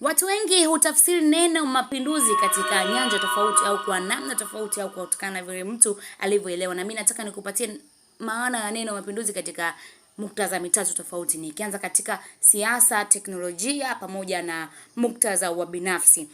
Watu wengi hutafsiri neno mapinduzi katika nyanja tofauti au kwa namna tofauti au kutokana na vile mtu alivyoelewa, na mimi nataka nikupatie maana ya neno mapinduzi katika muktadha mitatu tofauti, nikianza katika siasa, teknolojia pamoja na muktadha wa binafsi.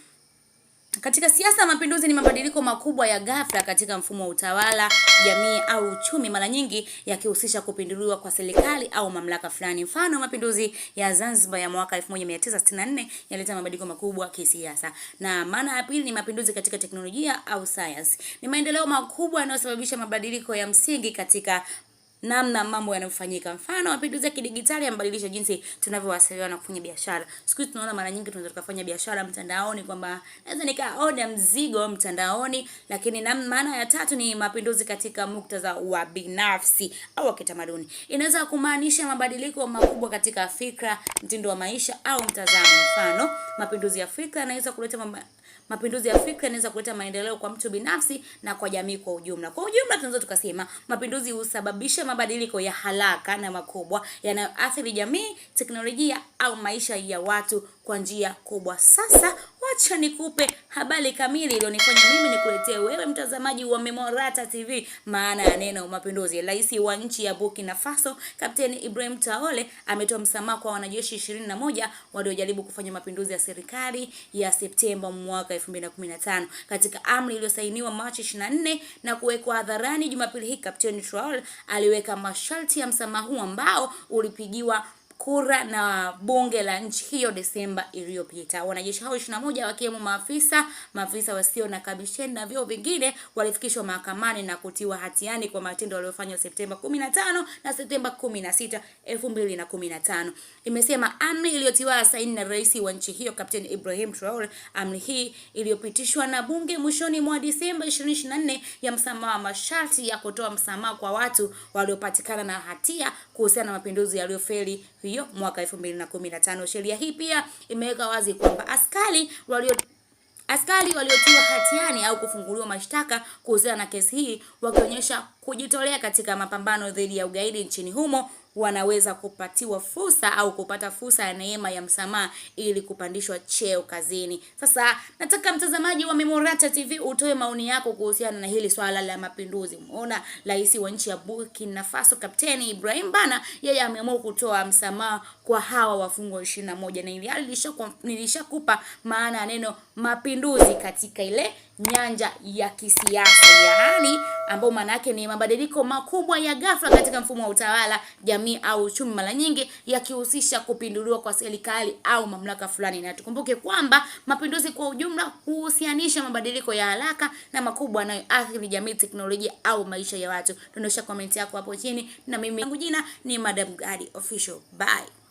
Katika siasa, mapinduzi ni mabadiliko makubwa ya ghafla katika mfumo wa utawala, jamii au uchumi, mara nyingi yakihusisha kupinduliwa kwa serikali au mamlaka fulani. Mfano, mapinduzi ya Zanzibar ya mwaka 1964 yalileta mabadiliko makubwa kisiasa. Na maana ya pili ni mapinduzi katika teknolojia au science, ni maendeleo makubwa yanayosababisha mabadiliko ya msingi katika namna mambo yanayofanyika. Mfano, mapinduzi ya kidigitali yamebadilisha jinsi tunavyowasiliana na kufanya biashara. Siku hizi tunaona mara nyingi tunaweza tukafanya biashara mtandaoni, kwamba naweza nikaoda mzigo mtandaoni. Lakini na maana ya tatu ni mapinduzi katika muktadha wa binafsi au wa kitamaduni, inaweza kumaanisha mabadiliko makubwa katika fikra, mtindo wa maisha au mtazamo. Mfano, mapinduzi ya fikra yanaweza kuleta mamba... mapinduzi ya fikra yanaweza kuleta maendeleo kwa mtu binafsi na kwa jamii kwa ujumla. Kwa ujumla tunaweza tukasema mapinduzi husababisha mabadiliko ya haraka na makubwa yanayoathiri jamii, teknolojia au maisha ya watu kwa njia kubwa. Sasa acha nikupe habari kamili iliyonifanya mimi nikuletee wewe mtazamaji wa Memorata TV maana ya neno mapinduzi. Rais wa nchi ya Burkina Faso Kapteni Ibrahim Traore ametoa msamaha kwa wanajeshi 21 waliojaribu kufanya mapinduzi ya serikali ya Septemba mwaka 2015. Katika amri iliyosainiwa Machi 24 na kuwekwa hadharani Jumapili hii, Kapteni Traore aliweka masharti ya msamaha huu ambao ulipigiwa kura na bunge la nchi hiyo Desemba iliyopita. Wanajeshi hao moja wakiwemo maafisa, maafisa wasio na kamisheni na vyeo vingine walifikishwa mahakamani na kutiwa hatiani kwa matendo waliofanywa Septemba 15 na Septemba 16, 2015. Imesema amri iliyotiwa saini na rais wa nchi hiyo Kapteni Ibrahim Traore, amri hii iliyopitishwa na bunge mwishoni mwa Desemba 2024 ya msamaha, wa masharti ya kutoa msamaha kwa watu waliopatikana na hatia kuhusiana na mapinduzi yaliyofeli hiyo mwaka 2015. Sheria hii pia imeweka wazi kwamba askari walio askari waliotiwa hatiani au kufunguliwa mashtaka kuhusiana na kesi hii wakionyesha kujitolea katika mapambano dhidi ya ugaidi nchini humo wanaweza kupatiwa fursa au kupata fursa ya neema ya msamaha ili kupandishwa cheo kazini. Sasa nataka mtazamaji wa Memorata TV utoe maoni yako kuhusiana na hili swala la mapinduzi. Umeona rais wa nchi ya Burkina Faso Kapteni Ibrahim Bana, yeye ameamua kutoa msamaha kwa hawa wafungwa 21 na moja nilishakupa maana ya neno mapinduzi katika ile nyanja ya kisiasa, yaani ambayo maana yake ni mabadiliko makubwa ya ghafla katika mfumo wa utawala, jamii au uchumi, mara nyingi yakihusisha kupinduliwa kwa serikali au mamlaka fulani. Na tukumbuke kwamba mapinduzi kwa ujumla huhusianisha mabadiliko ya haraka na makubwa yanayoathiri jamii, teknolojia au maisha ya watu. Dondosha komenti yako hapo chini, na mimi jina ni Madam Gadi Official. Bye.